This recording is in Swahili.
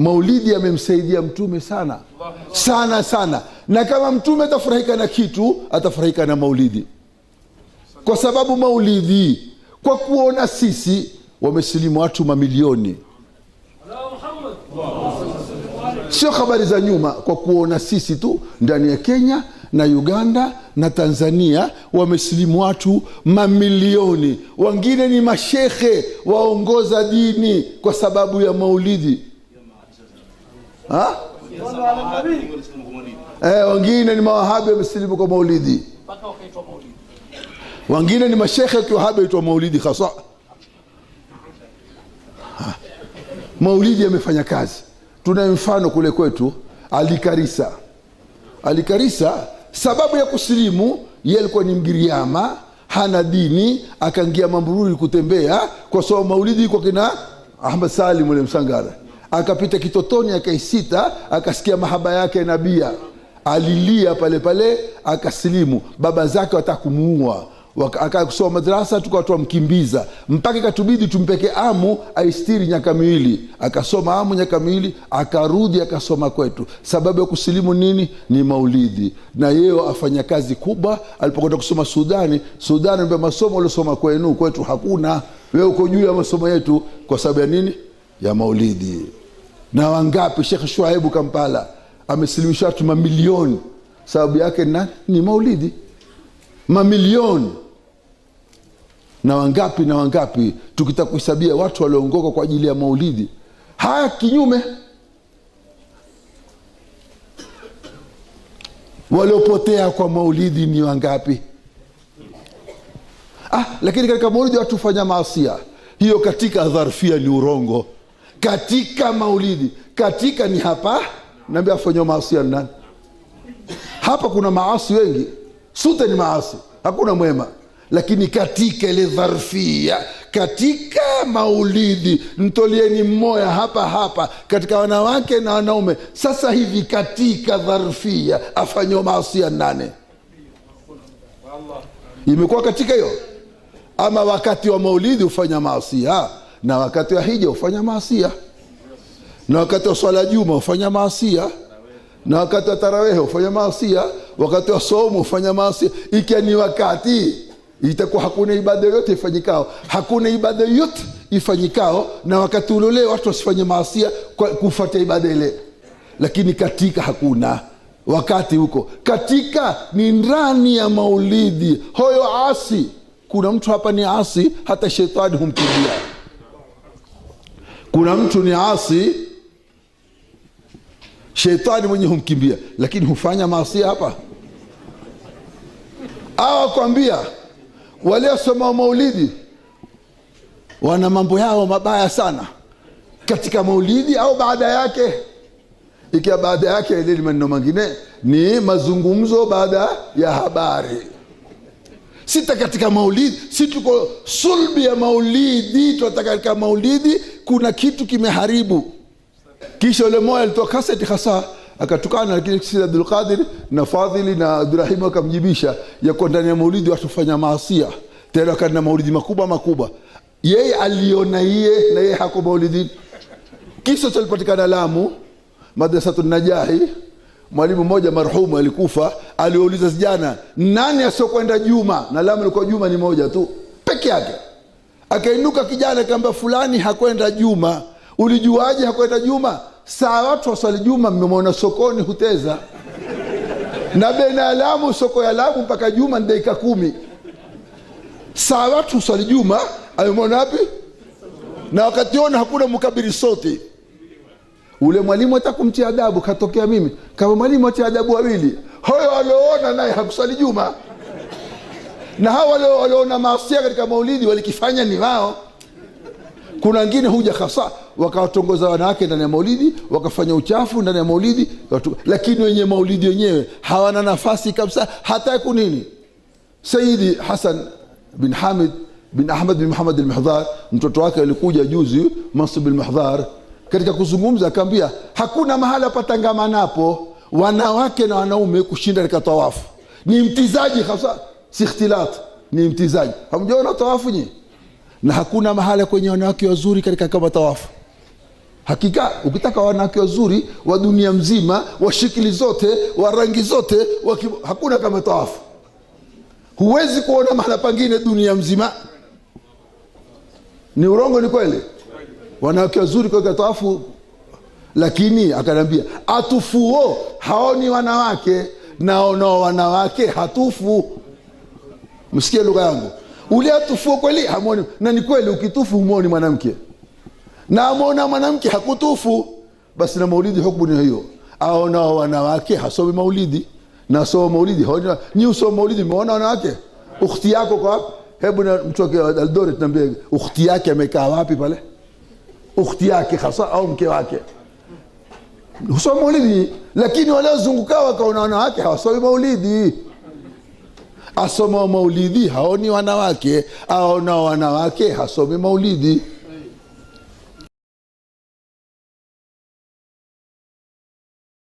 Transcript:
Maulidi yamemsaidia mtume sana sana sana, na kama mtume atafurahika na kitu atafurahika na maulidi, kwa sababu maulidi, kwa kuona sisi wamesilimu watu mamilioni, sio habari za nyuma, kwa kuona sisi tu ndani ya Kenya na Uganda na Tanzania wamesilimu watu mamilioni, wengine ni mashekhe waongoza dini kwa sababu ya maulidi. Eh, wengine ni mawahabi wamesilimu kwa maulidi, wengine ni mashekhe wa kiwahabi aitwa maulidi hasa. Maulidi yamefanya kazi. Tuna mfano kule kwetu Alikarisa. Alikarisa sababu ya kusilimu ye alikuwa ni Mgiriama, hana dini, akaingia mambururi kutembea kwa sababu maulidi kwa kina Ahmad Salim ule Msangara akapita kitotoni akaisita akasikia mahaba yake ya nabia alilia pale pale akasilimu baba zake wataka kumuua madarasa kusoma madrasa mpaka ikatubidi tumpeke amu aistiri nyaka miwili akasoma amu nyaka miwili akarudi akasoma kwetu sababu ya kusilimu nini ni maulidi na yeo afanya kazi kubwa alipokwenda kusoma sudani sudani ambia masomo aliosoma kwenu kwetu hakuna wewe uko juu ya masomo yetu kwa sababu ya nini ya maulidi na wangapi shekh shuaibu kampala amesilimisha watu mamilioni sababu yake na, ni maulidi mamilioni na wangapi na wangapi tukitaka kuhesabia watu walioongoka kwa ajili ya maulidi haya kinyume waliopotea kwa maulidi ni wangapi ah, lakini katika maulidi watu hufanya maasia hiyo katika dharfia ni urongo katika maulidi katika ni hapa naambia afanywa maasi ya nani hapa kuna maasi wengi sute ni maasi hakuna mwema lakini katika ile dharfia katika maulidi mtolieni mmoya hapa hapa katika wanawake na wanaume sasa hivi katika dharfia maasi maasia nane imekuwa katika hiyo ama wakati wa maulidi hufanya maasia na wakati wa hija hufanya maasia, na wakati wa swala juma ufanya maasia, na wakati wa tarawehe ufanya maasia, wakati wa somu ufanya maasia. Ikiwa ni wakati itakuwa hakuna ibada yoyote ifanyikao, hakuna ibada yoyote ifanyikao na wakati ulole watu wasifanye maasia kufuatia ibada ile, lakini katika hakuna wakati huko. Katika ni ndani ya maulidi hoyo asi. Kuna mtu hapa ni asi, hata shetani humkimbia kuna mtu ni asi shetani mwenyewe humkimbia lakini hufanya maasia hapa awakwambia waliosoma maulidi wana mambo yao mabaya sana katika maulidi au baada yake ikiwa baada yake ile maneno mengine ni mazungumzo baada ya habari sita katika maulidi si tuko sulbi ya maulidi tunataka katika maulidi kuna kitu kimeharibu kisha ule moya alitoa kaseti hasa akatukana lakini sisi abdulqadir na fadhili na abdurahimu akamjibisha yakuwa ndani ya maulidi watu fanya maasia tena wakati na maulidi makubwa makubwa yeye aliona iye na yeye hako maulidi kisa chalipatikana lamu madrasatu najahi mwalimu mmoja marhumu alikufa, aliwauliza vijana, nani asiokwenda Juma? Na lamu ilikuwa Juma ni moja tu peke yake. Akainuka kijana akaambia, fulani hakwenda Juma. Ulijuaje hakwenda Juma? Saa watu waswali Juma mmemwona sokoni huteza na bena alamu soko ya Lamu mpaka Juma ni dakika kumi. Saa watu swali Juma amemwona wapi? Na wakati ona hakuna mkabiri soti ule mwalimu atakumtia adabu katokea mimi kama mwalimu atia adabu wawili hoyo walioona naye hakuswali juma na hawa walioona maasia katika maulidi walikifanya ni wao kuna wengine huja hasa wakawatongoza wanawake ndani ya maulidi wakafanya uchafu ndani ya maulidi watu, lakini wenye maulidi wenyewe hawana nafasi kabisa hata kunini sayidi hasan bin hamid bin ahmad bin muhamad lmihdhar mtoto wake alikuja juzi mansub lmihdhar katika kuzungumza akaambia hakuna mahala patangamanapo wanawake na wanaume kushinda katika tawafu ni mtizaji hasa si ikhtilat ni mtizaji hamjaona tawafu nyi na hakuna mahala kwenye wanawake wazuri katika kama tawafu hakika ukitaka wanawake wazuri wa dunia mzima wa shikili zote wa rangi zote waki, hakuna kama tawafu huwezi kuona mahala pangine dunia mzima ni urongo ni kweli wanawake wazuri kwa taafu lakini akanambia atufuo haoni wanawake naonao wanawake hatufu msikie lugha yangu ule atufuo kweli hamoni na ni kweli ukitufu humoni mwanamke na amona mwanamke hakutufu basi na maulidi hukumu ni hiyo aonao wanawake hasomi maulidi na soma maulidi haoni ni usoma maulidi umeona wanawake ukhti yako kwa hebu na mtu aldore tunaambia ukhti yake amekaa wapi pale ukhti yake hasa au mke wake husoma maulidi lakini waliozunguka wakaona wanawake hawasomi maulidi asoma maulidi haoni wanawake aona wanawake hasomi maulidi